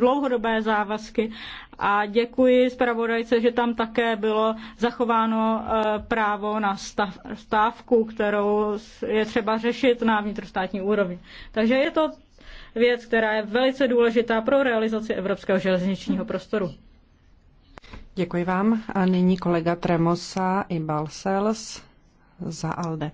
dlouhodobé závazky a děkuji zpravodajce, že tam také bylo zachováno e, právo na stav, stávku, kterou je třeba řešit na vnitrostátní úrovni. Takže je to věc, která je velice důležitá pro realizaci evropského železničního prostoru. Děkuji vám. A nyní kolega Tremosa i Balsels za ALDE.